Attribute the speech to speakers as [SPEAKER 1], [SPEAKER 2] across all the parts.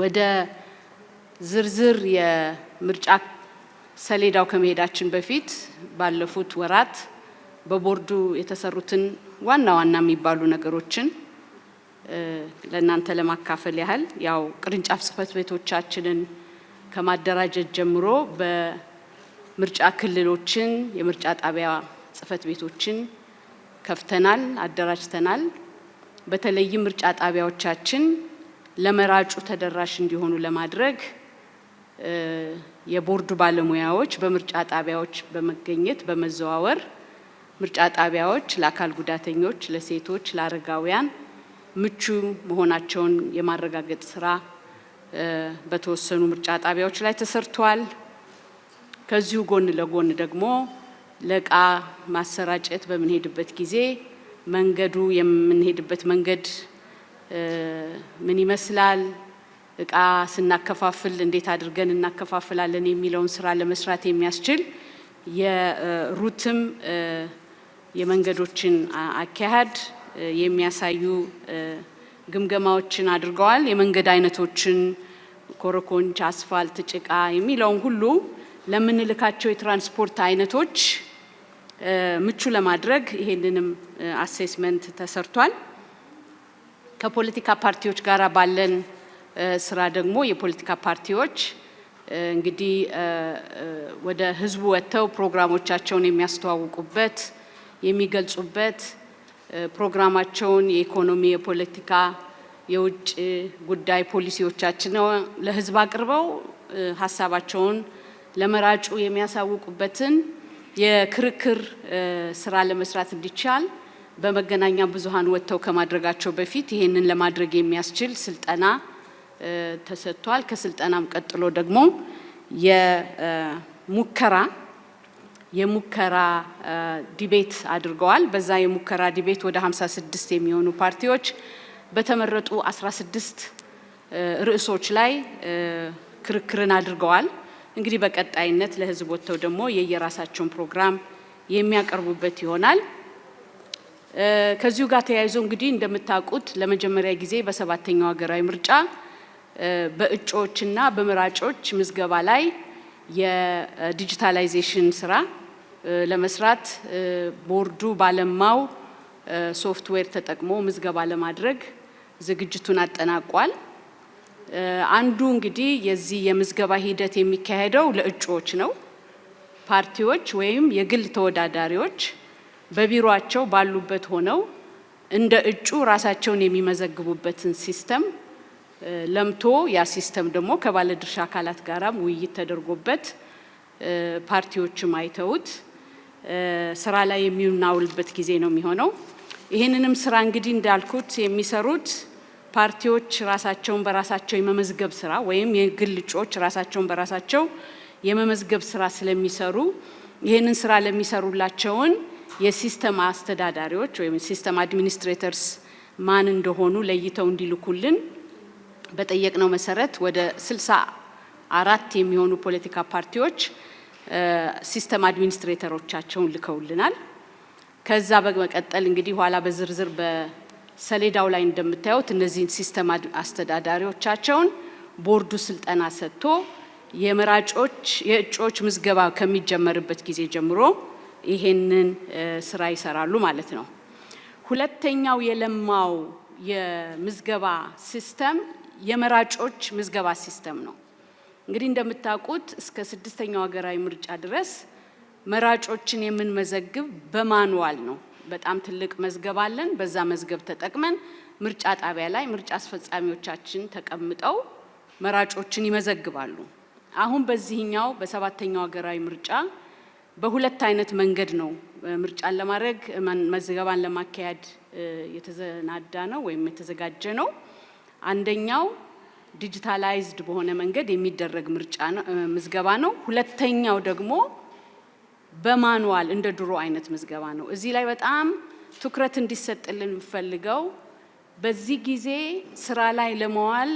[SPEAKER 1] ወደ ዝርዝር የምርጫ ሰሌዳው ከመሄዳችን በፊት ባለፉት ወራት በቦርዱ የተሰሩትን ዋና ዋና የሚባሉ ነገሮችን ለእናንተ ለማካፈል ያህል ያው ቅርንጫፍ ጽህፈት ቤቶቻችንን ከማደራጀት ጀምሮ በምርጫ ክልሎችን የምርጫ ጣቢያ ጽፈት ቤቶችን ከፍተናል፣ አደራጅተናል። በተለይም ምርጫ ጣቢያዎቻችን ለመራጩ ተደራሽ እንዲሆኑ ለማድረግ የቦርዱ ባለሙያዎች በምርጫ ጣቢያዎች በመገኘት በመዘዋወር ምርጫ ጣቢያዎች ለአካል ጉዳተኞች፣ ለሴቶች፣ ለአረጋውያን ምቹ መሆናቸውን የማረጋገጥ ስራ በተወሰኑ ምርጫ ጣቢያዎች ላይ ተሰርቷል። ከዚሁ ጎን ለጎን ደግሞ ለእቃ ማሰራጨት በምንሄድበት ጊዜ መንገዱ የምንሄድበት መንገድ ምን ይመስላል፣ እቃ ስናከፋፍል እንዴት አድርገን እናከፋፍላለን የሚለውን ስራ ለመስራት የሚያስችል የሩትም የመንገዶችን አካሄድ የሚያሳዩ ግምገማዎችን አድርገዋል። የመንገድ አይነቶችን ኮረኮንች፣ አስፋልት፣ ጭቃ የሚለውን ሁሉ ለምንልካቸው የትራንስፖርት አይነቶች ምቹ ለማድረግ ይሄንንም አሴስመንት ተሰርቷል። ከፖለቲካ ፓርቲዎች ጋር ባለን ስራ ደግሞ የፖለቲካ ፓርቲዎች እንግዲህ ወደ ህዝቡ ወጥተው ፕሮግራሞቻቸውን የሚያስተዋውቁበት የሚገልጹበት ፕሮግራማቸውን የኢኮኖሚ፣ የፖለቲካ፣ የውጭ ጉዳይ ፖሊሲዎቻችን ለህዝብ አቅርበው ሀሳባቸውን ለመራጩ የሚያሳውቁበትን የክርክር ስራ ለመስራት እንዲቻል በመገናኛ ብዙኃን ወጥተው ከማድረጋቸው በፊት ይህንን ለማድረግ የሚያስችል ስልጠና ተሰጥቷል። ከስልጠናም ቀጥሎ ደግሞ የሙከራ የሙከራ ዲቤት አድርገዋል። በዛ የሙከራ ዲቤት ወደ 56 የሚሆኑ ፓርቲዎች በተመረጡ 16 ርዕሶች ላይ ክርክርን አድርገዋል። እንግዲህ በቀጣይነት ለህዝብ ወጥተው ደግሞ የየራሳቸውን ፕሮግራም የሚያቀርቡበት ይሆናል። ከዚሁ ጋር ተያይዞ እንግዲህ እንደምታውቁት ለመጀመሪያ ጊዜ በሰባተኛው ሀገራዊ ምርጫ በእጩዎችና በመራጮች ምዝገባ ላይ የዲጂታላይዜሽን ስራ ለመስራት ቦርዱ ባለማው ሶፍትዌር ተጠቅሞ ምዝገባ ለማድረግ ዝግጅቱን አጠናቋል። አንዱ እንግዲህ የዚህ የምዝገባ ሂደት የሚካሄደው ለእጩዎች ነው። ፓርቲዎች ወይም የግል ተወዳዳሪዎች በቢሮአቸው ባሉበት ሆነው እንደ እጩ ራሳቸውን የሚመዘግቡበትን ሲስተም ለምቶ ያ ሲስተም ደግሞ ከባለድርሻ አካላት ጋራም ውይይት ተደርጎበት ፓርቲዎችም አይተውት ስራ ላይ የሚናውልበት ጊዜ ነው የሚሆነው። ይህንንም ስራ እንግዲህ እንዳልኩት የሚሰሩት ፓርቲዎች ራሳቸውን በራሳቸው የመመዝገብ ስራ ወይም የግል እጩዎች ራሳቸውን በራሳቸው የመመዝገብ ስራ ስለሚሰሩ ይህንን ስራ ለሚሰሩላቸውን የሲስተም አስተዳዳሪዎች ወይም ሲስተም አድሚኒስትሬተርስ ማን እንደሆኑ ለይተው እንዲልኩልን በጠየቅነው መሰረት ወደ ስልሳ አራት የሚሆኑ ፖለቲካ ፓርቲዎች ሲስተም አድሚኒስትሬተሮቻቸውን ልከውልናል። ከዛ በመቀጠል እንግዲህ ኋላ በዝርዝር በሰሌዳው ላይ እንደምታዩት እነዚህን ሲስተም አስተዳዳሪዎቻቸውን ቦርዱ ስልጠና ሰጥቶ የመራጮች የእጩዎች ምዝገባ ከሚጀመርበት ጊዜ ጀምሮ ይሄንን ስራ ይሰራሉ ማለት ነው። ሁለተኛው የለማው የምዝገባ ሲስተም የመራጮች ምዝገባ ሲስተም ነው። እንግዲህ እንደምታውቁት እስከ ስድስተኛው ሀገራዊ ምርጫ ድረስ መራጮችን የምንመዘግብ በማንዋል ነው። በጣም ትልቅ መዝገብ አለን። በዛ መዝገብ ተጠቅመን ምርጫ ጣቢያ ላይ ምርጫ አስፈጻሚዎቻችን ተቀምጠው መራጮችን ይመዘግባሉ። አሁን በዚህኛው በሰባተኛው ሀገራዊ ምርጫ በሁለት አይነት መንገድ ነው ምርጫን ለማድረግ መዝገባን ለማካሄድ የተዘናዳ ነው ወይም የተዘጋጀ ነው። አንደኛው ዲጂታላይዝድ በሆነ መንገድ የሚደረግ ምርጫ ምዝገባ ነው። ሁለተኛው ደግሞ በማኑዋል እንደ ድሮ አይነት ምዝገባ ነው። እዚህ ላይ በጣም ትኩረት እንዲሰጥልን የምፈልገው በዚህ ጊዜ ስራ ላይ ለመዋል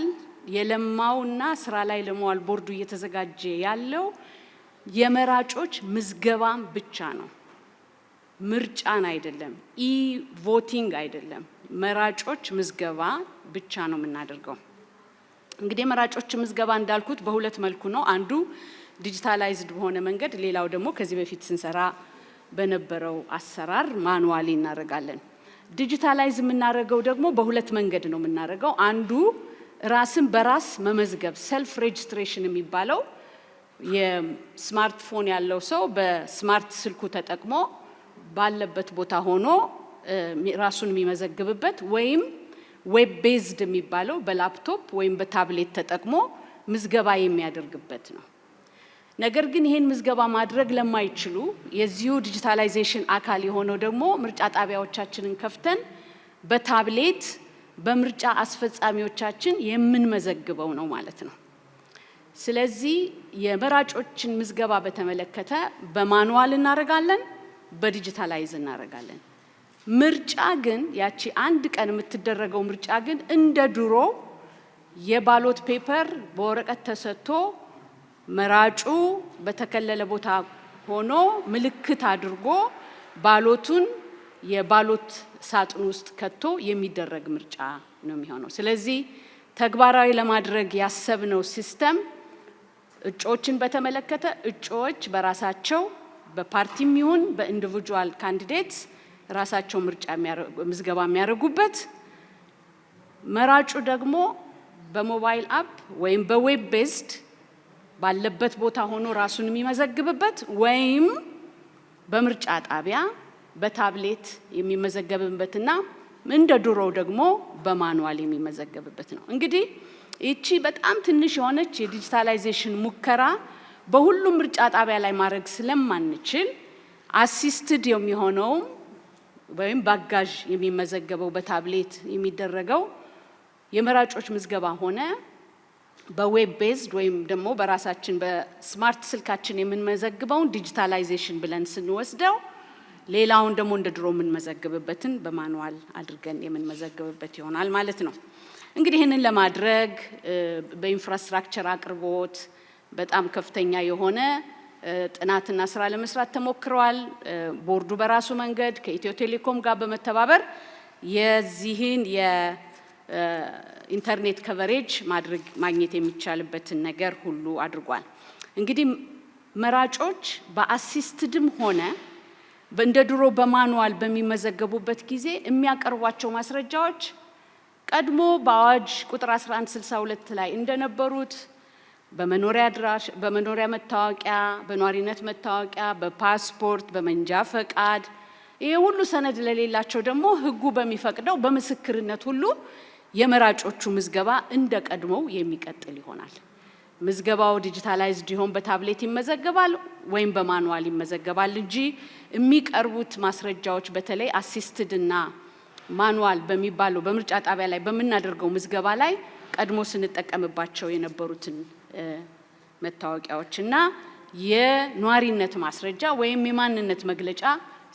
[SPEAKER 1] የለማውና ስራ ላይ ለመዋል ቦርዱ እየተዘጋጀ ያለው የመራጮች ምዝገባም ብቻ ነው፣ ምርጫን አይደለም፣ ኢ ቮቲንግ አይደለም። መራጮች ምዝገባ ብቻ ነው የምናደርገው። እንግዲህ የመራጮች ምዝገባ እንዳልኩት በሁለት መልኩ ነው። አንዱ ዲጂታላይዝድ በሆነ መንገድ፣ ሌላው ደግሞ ከዚህ በፊት ስንሰራ በነበረው አሰራር ማኑዋሊ እናደርጋለን። ዲጂታላይዝ የምናደርገው ደግሞ በሁለት መንገድ ነው የምናደርገው። አንዱ ራስን በራስ መመዝገብ ሰልፍ ሬጅስትሬሽን የሚባለው የስማርትፎን ያለው ሰው በስማርት ስልኩ ተጠቅሞ ባለበት ቦታ ሆኖ ራሱን የሚመዘግብበት ወይም ዌብ ቤዝድ የሚባለው በላፕቶፕ ወይም በታብሌት ተጠቅሞ ምዝገባ የሚያደርግበት ነው። ነገር ግን ይህን ምዝገባ ማድረግ ለማይችሉ የዚሁ ዲጂታላይዜሽን አካል የሆነው ደግሞ ምርጫ ጣቢያዎቻችንን ከፍተን በታብሌት በምርጫ አስፈጻሚዎቻችን የምንመዘግበው ነው ማለት ነው። ስለዚህ የመራጮችን ምዝገባ በተመለከተ በማኑዋል እናደርጋለን፣ በዲጂታላይዝ እናደርጋለን። ምርጫ ግን ያቺ አንድ ቀን የምትደረገው ምርጫ ግን እንደ ድሮ የባሎት ፔፐር በወረቀት ተሰጥቶ መራጩ በተከለለ ቦታ ሆኖ ምልክት አድርጎ ባሎቱን የባሎት ሳጥን ውስጥ ከቶ የሚደረግ ምርጫ ነው የሚሆነው። ስለዚህ ተግባራዊ ለማድረግ ያሰብነው ሲስተም እጩዎችን በተመለከተ እጩዎች በራሳቸው በፓርቲም ይሁን በኢንዲቪጁዋል ካንዲዴት ራሳቸው ምርጫ ምዝገባ የሚያደርጉበት መራጩ ደግሞ በሞባይል አፕ ወይም በዌብ ቤዝድ ባለበት ቦታ ሆኖ ራሱን የሚመዘግብበት ወይም በምርጫ ጣቢያ በታብሌት የሚመዘገብበትና እንደ ድሮው ደግሞ በማኑዋል የሚመዘገብበት ነው እንግዲህ ይቺ በጣም ትንሽ የሆነች የዲጂታላይዜሽን ሙከራ በሁሉም ምርጫ ጣቢያ ላይ ማድረግ ስለማንችል አሲስትድ የሚሆነውም ወይም ባጋዥ የሚመዘገበው በታብሌት የሚደረገው የመራጮች ምዝገባ ሆነ በዌብ ቤዝድ ወይም ደግሞ በራሳችን በስማርት ስልካችን የምንመዘግበውን ዲጂታላይዜሽን ብለን ስንወስደው ሌላውን ደግሞ እንደ ድሮ የምንመዘግብበትን በማንዋል አድርገን የምንመዘግብበት ይሆናል ማለት ነው። እንግዲህ ይህንን ለማድረግ በኢንፍራስትራክቸር አቅርቦት በጣም ከፍተኛ የሆነ ጥናትና ስራ ለመስራት ተሞክረዋል። ቦርዱ በራሱ መንገድ ከኢትዮ ቴሌኮም ጋር በመተባበር የዚህን የኢንተርኔት ከቨሬጅ ማድረግ ማግኘት የሚቻልበትን ነገር ሁሉ አድርጓል። እንግዲህ መራጮች በአሲስትድም ሆነ እንደ ድሮ በማኑዋል በሚመዘገቡበት ጊዜ የሚያቀርቧቸው ማስረጃዎች ቀድሞ በአዋጅ ቁጥር 1162 ላይ እንደነበሩት በመኖሪያ አድራሽ በመኖሪያ መታወቂያ፣ በኗሪነት መታወቂያ፣ በፓስፖርት፣ በመንጃ ፈቃድ ይሄ ሁሉ ሰነድ ለሌላቸው ደግሞ ህጉ በሚፈቅደው በምስክርነት ሁሉ የመራጮቹ ምዝገባ እንደ ቀድሞው የሚቀጥል ይሆናል። ምዝገባው ዲጂታላይዝድ ይሆን በታብሌት ይመዘገባል ወይም በማንዋል ይመዘገባል እንጂ የሚቀርቡት ማስረጃዎች በተለይ አሲስትድ እና ማኑዋል በሚባለው በምርጫ ጣቢያ ላይ በምናደርገው ምዝገባ ላይ ቀድሞ ስንጠቀምባቸው የነበሩትን መታወቂያዎች እና የኗሪነት ማስረጃ ወይም የማንነት መግለጫ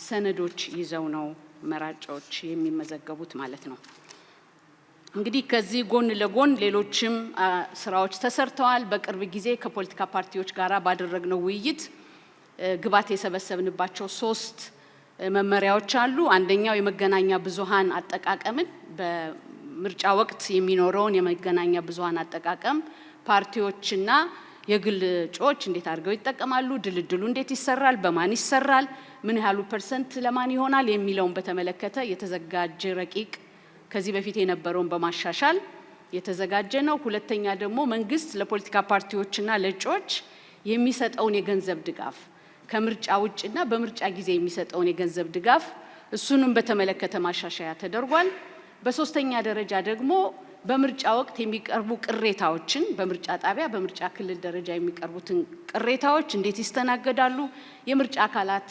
[SPEAKER 1] ሰነዶች ይዘው ነው መራጮች የሚመዘገቡት ማለት ነው። እንግዲህ ከዚህ ጎን ለጎን ሌሎችም ስራዎች ተሰርተዋል። በቅርብ ጊዜ ከፖለቲካ ፓርቲዎች ጋር ባደረግነው ውይይት ግብዓት የሰበሰብንባቸው ሶስት መመሪያዎች አሉ። አንደኛው የመገናኛ ብዙሃን አጠቃቀምን በምርጫ ወቅት የሚኖረውን የመገናኛ ብዙሃን አጠቃቀም ፓርቲዎችና የግል እጩዎች እንዴት አድርገው ይጠቀማሉ፣ ድልድሉ እንዴት ይሰራል፣ በማን ይሰራል፣ ምን ያህሉ ፐርሰንት ለማን ይሆናል የሚለውን በተመለከተ የተዘጋጀ ረቂቅ ከዚህ በፊት የነበረውን በማሻሻል የተዘጋጀ ነው። ሁለተኛ ደግሞ መንግስት ለፖለቲካ ፓርቲዎችና ለእጩዎች የሚሰጠውን የገንዘብ ድጋፍ ከምርጫ ውጭና በምርጫ ጊዜ የሚሰጠውን የገንዘብ ድጋፍ እሱንም በተመለከተ ማሻሻያ ተደርጓል። በሶስተኛ ደረጃ ደግሞ በምርጫ ወቅት የሚቀርቡ ቅሬታዎችን በምርጫ ጣቢያ በምርጫ ክልል ደረጃ የሚቀርቡትን ቅሬታዎች እንዴት ይስተናገዳሉ፣ የምርጫ አካላት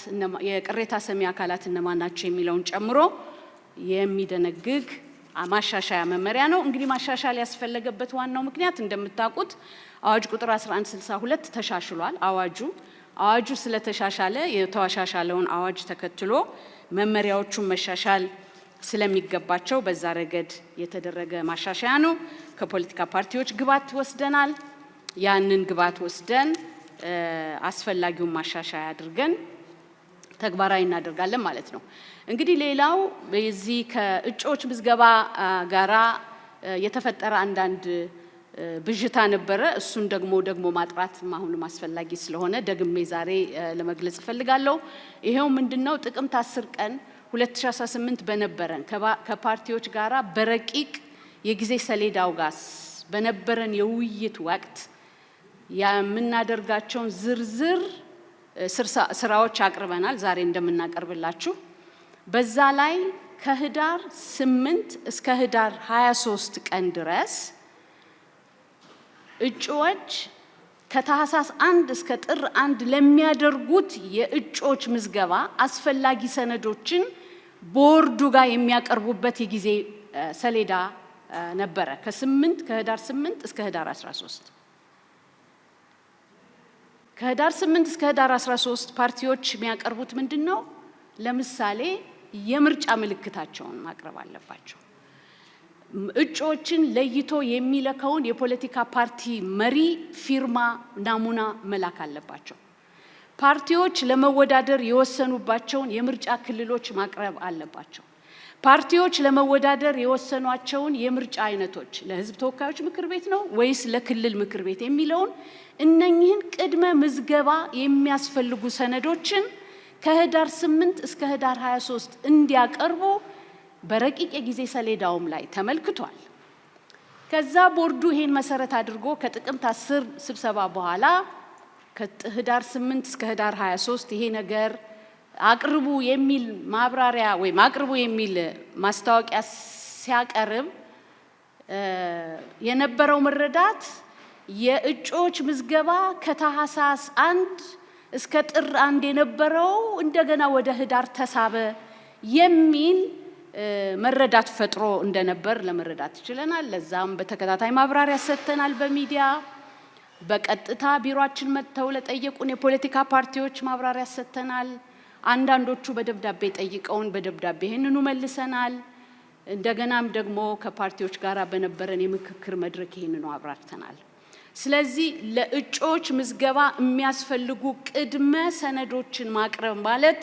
[SPEAKER 1] የቅሬታ ሰሚ አካላት እነማን ናቸው የሚለውን ጨምሮ የሚደነግግ ማሻሻያ መመሪያ ነው። እንግዲህ ማሻሻል ያስፈለገበት ዋናው ምክንያት እንደምታውቁት አዋጅ ቁጥር 1162 ተሻሽሏል። አዋጁ አዋጁ ስለተሻሻለ የተሻሻለውን አዋጅ ተከትሎ መመሪያዎቹን መሻሻል ስለሚገባቸው በዛ ረገድ የተደረገ ማሻሻያ ነው። ከፖለቲካ ፓርቲዎች ግብዓት ወስደናል። ያንን ግብዓት ወስደን አስፈላጊውን ማሻሻያ አድርገን ተግባራዊ እናደርጋለን ማለት ነው። እንግዲህ ሌላው በዚህ ከእጩዎች ምዝገባ ጋራ የተፈጠረ አንዳንድ ብዥታ ነበረ። እሱን ደግሞ ደግሞ ማጥራት አሁንም አስፈላጊ ስለሆነ ደግሜ ዛሬ ለመግለጽ እፈልጋለሁ። ይሄው ምንድነው ጥቅምት 10 ቀን 2018 በነበረን ከፓርቲዎች ጋራ በረቂቅ የጊዜ ሰሌዳው ጋር በነበረን የውይይት ወቅት የምናደርጋቸውን ዝርዝር ስራዎች አቅርበናል። ዛሬ እንደምናቀርብላችሁ በዛ ላይ ከህዳር 8 እስከ ህዳር 23 ቀን ድረስ እጩዎች ከታህሳስ አንድ እስከ ጥር አንድ ለሚያደርጉት የእጩዎች ምዝገባ አስፈላጊ ሰነዶችን ቦርዱ ጋር የሚያቀርቡበት የጊዜ ሰሌዳ ነበረ ከስምንት ከህዳር ስምንት እስከ ህዳር 13 ከህዳር ስምንት እስከ ህዳር 13 ፓርቲዎች የሚያቀርቡት ምንድን ነው? ለምሳሌ የምርጫ ምልክታቸውን ማቅረብ አለባቸው። እጩዎችን ለይቶ የሚለካውን የፖለቲካ ፓርቲ መሪ ፊርማ ናሙና መላክ አለባቸው። ፓርቲዎች ለመወዳደር የወሰኑባቸውን የምርጫ ክልሎች ማቅረብ አለባቸው። ፓርቲዎች ለመወዳደር የወሰኗቸውን የምርጫ አይነቶች ለሕዝብ ተወካዮች ምክር ቤት ነው ወይስ ለክልል ምክር ቤት የሚለውን እነኚህን ቅድመ ምዝገባ የሚያስፈልጉ ሰነዶችን ከህዳር 8 እስከ ህዳር 23 እንዲያቀርቡ በረቂቅ የጊዜ ሰሌዳውም ላይ ተመልክቷል። ከዛ ቦርዱ ይሄን መሰረት አድርጎ ከጥቅምት አስር ስብሰባ በኋላ ከህዳር 8 እስከ ህዳር 23 ይሄ ነገር አቅርቡ የሚል ማብራሪያ ወይም አቅርቡ የሚል ማስታወቂያ ሲያቀርብ የነበረው መረዳት የእጩዎች ምዝገባ ከታህሳስ አንድ እስከ ጥር አንድ የነበረው እንደገና ወደ ህዳር ተሳበ የሚል መረዳት ፈጥሮ እንደነበር ለመረዳት ችለናል። ለዛም በተከታታይ ማብራሪያ ሰጥተናል። በሚዲያ በቀጥታ ቢሮአችን መጥተው ለጠየቁን የፖለቲካ ፓርቲዎች ማብራሪያ ሰጥተናል። አንዳንዶቹ በደብዳቤ ጠይቀውን በደብዳቤ ይህንኑ መልሰናል። እንደገናም ደግሞ ከፓርቲዎች ጋር በነበረን የምክክር መድረክ ይህንኑ አብራርተናል። ስለዚህ ለእጩዎች ምዝገባ የሚያስፈልጉ ቅድመ ሰነዶችን ማቅረብ ማለት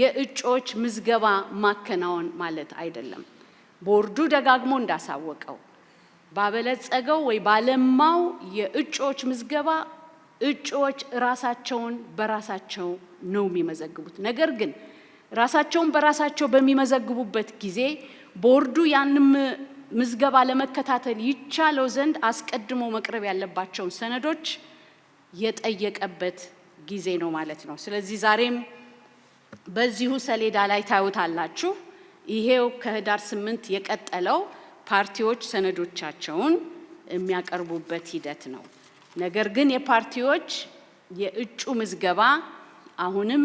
[SPEAKER 1] የእጮች ምዝገባ ማከናወን ማለት አይደለም። ቦርዱ ደጋግሞ እንዳሳወቀው ባበለጸገው ወይ ባለማው የእጩዎች ምዝገባ እጩዎች ራሳቸውን በራሳቸው ነው የሚመዘግቡት። ነገር ግን ራሳቸውን በራሳቸው በሚመዘግቡበት ጊዜ ቦርዱ ያንም ምዝገባ ለመከታተል ይቻለው ዘንድ አስቀድሞ መቅረብ ያለባቸውን ሰነዶች የጠየቀበት ጊዜ ነው ማለት ነው። ስለዚህ ዛሬም በዚሁ ሰሌዳ ላይ ታዩታላችሁ። ይሄው ከህዳር ስምንት የቀጠለው ፓርቲዎች ሰነዶቻቸውን የሚያቀርቡበት ሂደት ነው። ነገር ግን የፓርቲዎች የእጩ ምዝገባ አሁንም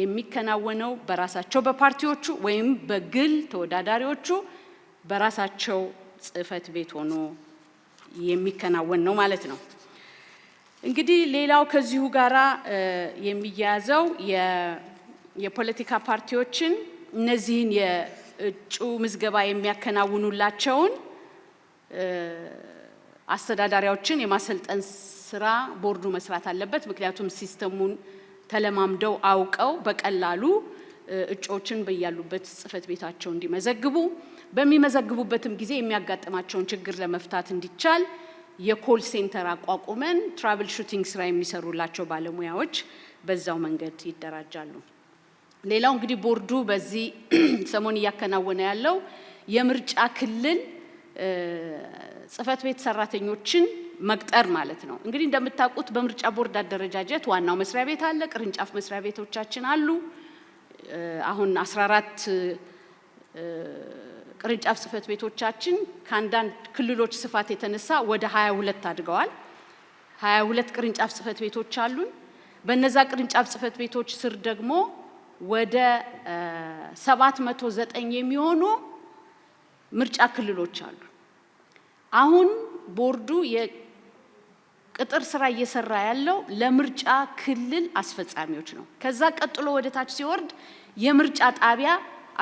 [SPEAKER 1] የሚከናወነው በራሳቸው በፓርቲዎቹ ወይም በግል ተወዳዳሪዎቹ በራሳቸው ጽህፈት ቤት ሆኖ የሚከናወን ነው ማለት ነው። እንግዲህ ሌላው ከዚሁ ጋራ የሚያያዘው የፖለቲካ ፓርቲዎችን እነዚህን የእጩ ምዝገባ የሚያከናውኑላቸውን አስተዳዳሪዎችን የማሰልጠን ስራ ቦርዱ መስራት አለበት። ምክንያቱም ሲስተሙን ተለማምደው አውቀው በቀላሉ እጩዎችን በያሉበት ጽህፈት ቤታቸው እንዲመዘግቡ በሚመዘግቡበትም ጊዜ የሚያጋጥማቸውን ችግር ለመፍታት እንዲቻል የኮል ሴንተር አቋቁመን ትራቭል ሹቲንግ ስራ የሚሰሩላቸው ባለሙያዎች በዛው መንገድ ይደራጃሉ። ሌላው እንግዲህ ቦርዱ በዚህ ሰሞን እያከናወነ ያለው የምርጫ ክልል ጽህፈት ቤት ሰራተኞችን መቅጠር ማለት ነው። እንግዲህ እንደምታውቁት በምርጫ ቦርድ አደረጃጀት ዋናው መስሪያ ቤት አለ፣ ቅርንጫፍ መስሪያ ቤቶቻችን አሉ። አሁን 14 ቅርንጫፍ ጽህፈት ቤቶቻችን ከአንዳንድ ክልሎች ስፋት የተነሳ ወደ 22 አድገዋል። 22 ቅርንጫፍ ጽህፈት ቤቶች አሉን። በነዛ ቅርንጫፍ ጽህፈት ቤቶች ስር ደግሞ ወደ 709 የሚሆኑ ምርጫ ክልሎች አሉ። አሁን ቦርዱ የቅጥር ስራ እየሰራ ያለው ለምርጫ ክልል አስፈጻሚዎች ነው። ከዛ ቀጥሎ ወደ ታች ሲወርድ የምርጫ ጣቢያ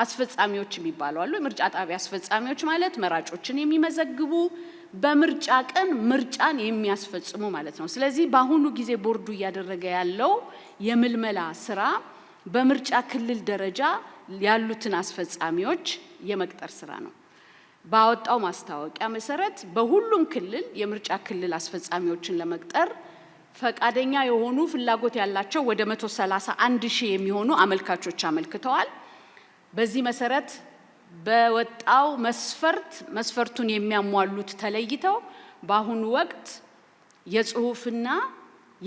[SPEAKER 1] አስፈጻሚዎች የሚባሉ አሉ። የምርጫ ጣቢያ አስፈጻሚዎች ማለት መራጮችን የሚመዘግቡ በምርጫ ቀን ምርጫን የሚያስፈጽሙ ማለት ነው። ስለዚህ በአሁኑ ጊዜ ቦርዱ እያደረገ ያለው የምልመላ ስራ በምርጫ ክልል ደረጃ ያሉትን አስፈጻሚዎች የመቅጠር ስራ ነው። ባወጣው ማስታወቂያ መሰረት በሁሉም ክልል የምርጫ ክልል አስፈጻሚዎችን ለመቅጠር ፈቃደኛ የሆኑ ፍላጎት ያላቸው ወደ 131 ሺህ የሚሆኑ አመልካቾች አመልክተዋል። በዚህ መሰረት በወጣው መስፈርት መስፈርቱን የሚያሟሉት ተለይተው በአሁኑ ወቅት የጽሁፍና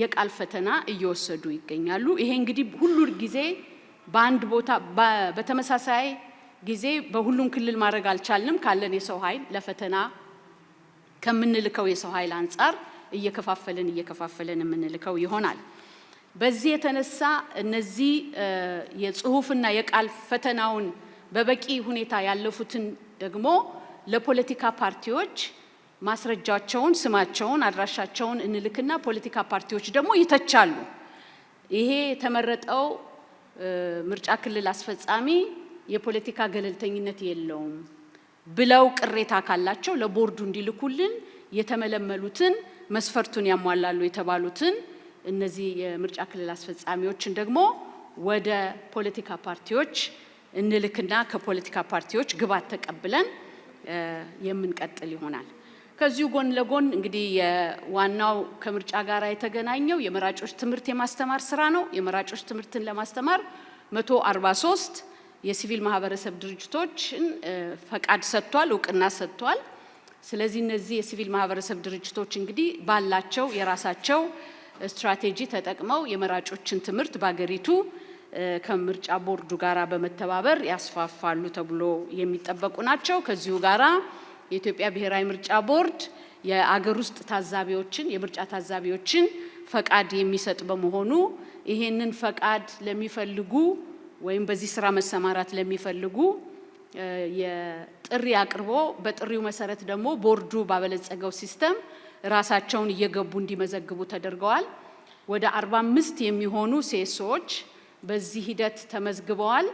[SPEAKER 1] የቃል ፈተና እየወሰዱ ይገኛሉ። ይሄ እንግዲህ ሁሉ ጊዜ በአንድ ቦታ በተመሳሳይ ጊዜ በሁሉም ክልል ማድረግ አልቻልንም። ካለን የሰው ኃይል ለፈተና ከምንልከው የሰው ኃይል አንጻር እየከፋፈልን እየከፋፈልን የምንልከው ይሆናል። በዚህ የተነሳ እነዚህ የጽሁፍና የቃል ፈተናውን በበቂ ሁኔታ ያለፉትን ደግሞ ለፖለቲካ ፓርቲዎች ማስረጃቸውን፣ ስማቸውን፣ አድራሻቸውን እንልክና ፖለቲካ ፓርቲዎች ደግሞ ይተቻሉ። ይሄ የተመረጠው ምርጫ ክልል አስፈጻሚ የፖለቲካ ገለልተኝነት የለውም ብለው ቅሬታ ካላቸው ለቦርዱ እንዲልኩልን የተመለመሉትን መስፈርቱን ያሟላሉ የተባሉትን እነዚህ የምርጫ ክልል አስፈጻሚዎችን ደግሞ ወደ ፖለቲካ ፓርቲዎች እንልክና ከፖለቲካ ፓርቲዎች ግባት ተቀብለን የምንቀጥል ይሆናል። ከዚሁ ጎን ለጎን እንግዲህ ዋናው ከምርጫ ጋር የተገናኘው የመራጮች ትምህርት የማስተማር ስራ ነው። የመራጮች ትምህርትን ለማስተማር 143 የሲቪል ማህበረሰብ ድርጅቶችን ፈቃድ ሰጥቷል፣ እውቅና ሰጥቷል። ስለዚህ እነዚህ የሲቪል ማህበረሰብ ድርጅቶች እንግዲህ ባላቸው የራሳቸው ስትራቴጂ ተጠቅመው የመራጮችን ትምህርት በሀገሪቱ ከምርጫ ቦርዱ ጋራ በመተባበር ያስፋፋሉ ተብሎ የሚጠበቁ ናቸው። ከዚሁ ጋራ የኢትዮጵያ ብሔራዊ ምርጫ ቦርድ የአገር ውስጥ ታዛቢዎችን የምርጫ ታዛቢዎችን ፈቃድ የሚሰጥ በመሆኑ ይሄንን ፈቃድ ለሚፈልጉ ወይም በዚህ ስራ መሰማራት ለሚፈልጉ የጥሪ አቅርቦ በጥሪው መሰረት ደግሞ ቦርዱ ባበለጸገው ሲስተም ራሳቸውን እየገቡ እንዲመዘግቡ ተደርገዋል። ወደ 45 የሚሆኑ ሴሶች በዚህ ሂደት ተመዝግበዋል።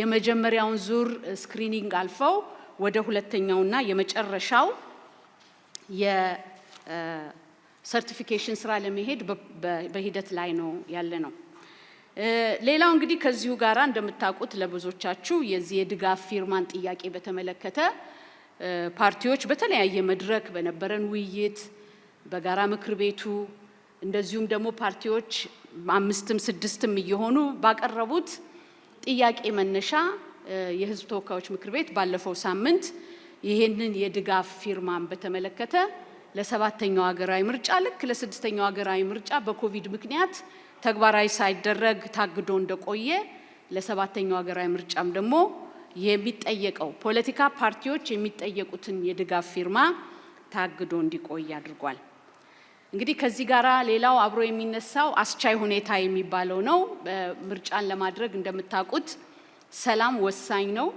[SPEAKER 1] የመጀመሪያውን ዙር ስክሪኒንግ አልፈው ወደ ሁለተኛውና የመጨረሻው የሰርቲፊኬሽን ስራ ለመሄድ በሂደት ላይ ነው ያለ ነው። ሌላው እንግዲህ ከዚሁ ጋር እንደምታውቁት ለብዙዎቻችሁ የዚህ የድጋፍ ፊርማን ጥያቄ በተመለከተ ፓርቲዎች በተለያየ መድረክ በነበረን ውይይት በጋራ ምክር ቤቱ እንደዚሁም ደግሞ ፓርቲዎች አምስትም ስድስትም እየሆኑ ባቀረቡት ጥያቄ መነሻ የህዝብ ተወካዮች ምክር ቤት ባለፈው ሳምንት ይህንን የድጋፍ ፊርማን በተመለከተ ለሰባተኛው ሀገራዊ ምርጫ ልክ ለስድስተኛው ሀገራዊ ምርጫ በኮቪድ ምክንያት ተግባራዊ ሳይደረግ ታግዶ እንደቆየ ለሰባተኛው ሀገራዊ ምርጫም ደግሞ የሚጠየቀው ፖለቲካ ፓርቲዎች የሚጠየቁትን የድጋፍ ፊርማ ታግዶ እንዲቆይ አድርጓል። እንግዲህ ከዚህ ጋር ሌላው አብሮ የሚነሳው አስቻይ ሁኔታ የሚባለው ነው። ምርጫን ለማድረግ እንደምታውቁት ሰላም ወሳኝ ነው።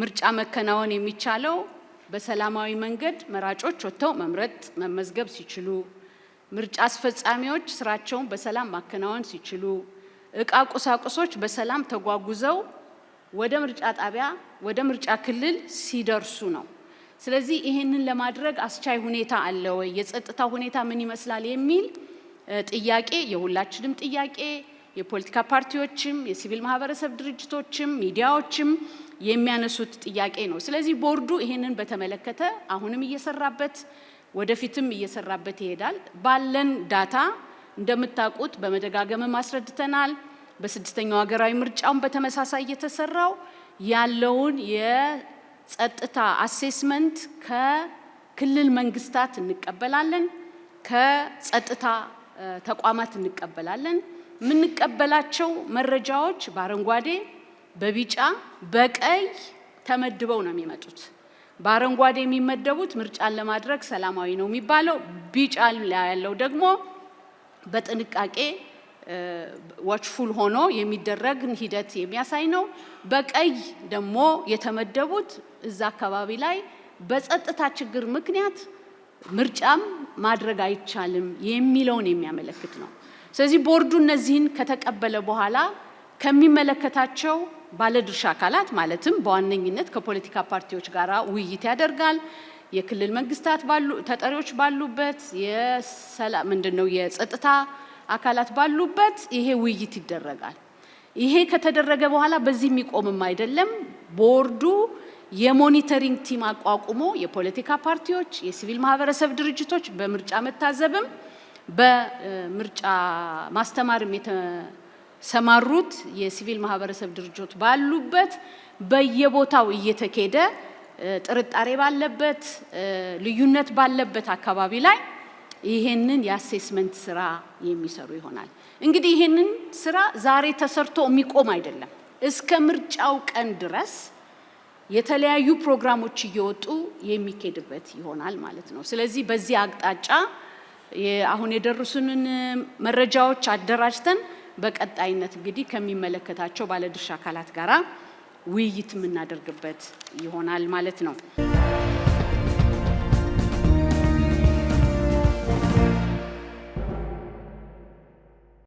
[SPEAKER 1] ምርጫ መከናወን የሚቻለው በሰላማዊ መንገድ መራጮች ወጥተው መምረጥ መመዝገብ ሲችሉ፣ ምርጫ አስፈጻሚዎች ስራቸውን በሰላም ማከናወን ሲችሉ፣ እቃ ቁሳቁሶች በሰላም ተጓጉዘው ወደ ምርጫ ጣቢያ ወደ ምርጫ ክልል ሲደርሱ ነው። ስለዚህ ይህንን ለማድረግ አስቻይ ሁኔታ አለ ወይ፣ የጸጥታ ሁኔታ ምን ይመስላል የሚል ጥያቄ የሁላችንም ጥያቄ የፖለቲካ ፓርቲዎችም፣ የሲቪል ማህበረሰብ ድርጅቶችም፣ ሚዲያዎችም የሚያነሱት ጥያቄ ነው። ስለዚህ ቦርዱ ይህንን በተመለከተ አሁንም እየሰራበት ወደፊትም እየሰራበት ይሄዳል። ባለን ዳታ እንደምታውቁት በመደጋገምም አስረድተናል። በስድስተኛው ሀገራዊ ምርጫውን በተመሳሳይ እየተሰራው ያለውን የጸጥታ አሴስመንት ከክልል መንግስታት እንቀበላለን፣ ከጸጥታ ተቋማት እንቀበላለን። የምንቀበላቸው መረጃዎች በአረንጓዴ፣ በቢጫ፣ በቀይ ተመድበው ነው የሚመጡት። በአረንጓዴ የሚመደቡት ምርጫን ለማድረግ ሰላማዊ ነው የሚባለው፣ ቢጫ ላይ ያለው ደግሞ በጥንቃቄ ዋችፉል ሆኖ የሚደረግን ሂደት የሚያሳይ ነው። በቀይ ደግሞ የተመደቡት እዛ አካባቢ ላይ በጸጥታ ችግር ምክንያት ምርጫም ማድረግ አይቻልም የሚለውን የሚያመለክት ነው። ስለዚህ ቦርዱ እነዚህን ከተቀበለ በኋላ ከሚመለከታቸው ባለድርሻ አካላት ማለትም በዋነኝነት ከፖለቲካ ፓርቲዎች ጋር ውይይት ያደርጋል። የክልል መንግስታት ባሉ ተጠሪዎች ባሉበት የሰላም ምንድን ነው የጸጥታ አካላት ባሉበት ይሄ ውይይት ይደረጋል። ይሄ ከተደረገ በኋላ በዚህ የሚቆምም አይደለም። ቦርዱ የሞኒተሪንግ ቲም አቋቁሞ የፖለቲካ ፓርቲዎች፣ የሲቪል ማህበረሰብ ድርጅቶች በምርጫ መታዘብም በምርጫ ማስተማርም የተሰማሩት የሲቪል ማህበረሰብ ድርጅቶች ባሉበት በየቦታው እየተኬደ ጥርጣሬ ባለበት ልዩነት ባለበት አካባቢ ላይ ይሄንን የአሴስመንት ስራ የሚሰሩ ይሆናል። እንግዲህ ይሄንን ስራ ዛሬ ተሰርቶ የሚቆም አይደለም። እስከ ምርጫው ቀን ድረስ የተለያዩ ፕሮግራሞች እየወጡ የሚኬድበት ይሆናል ማለት ነው። ስለዚህ በዚህ አቅጣጫ አሁን የደረሱንን መረጃዎች አደራጅተን በቀጣይነት እንግዲህ ከሚመለከታቸው ባለድርሻ አካላት ጋራ ውይይት የምናደርግበት ይሆናል ማለት ነው።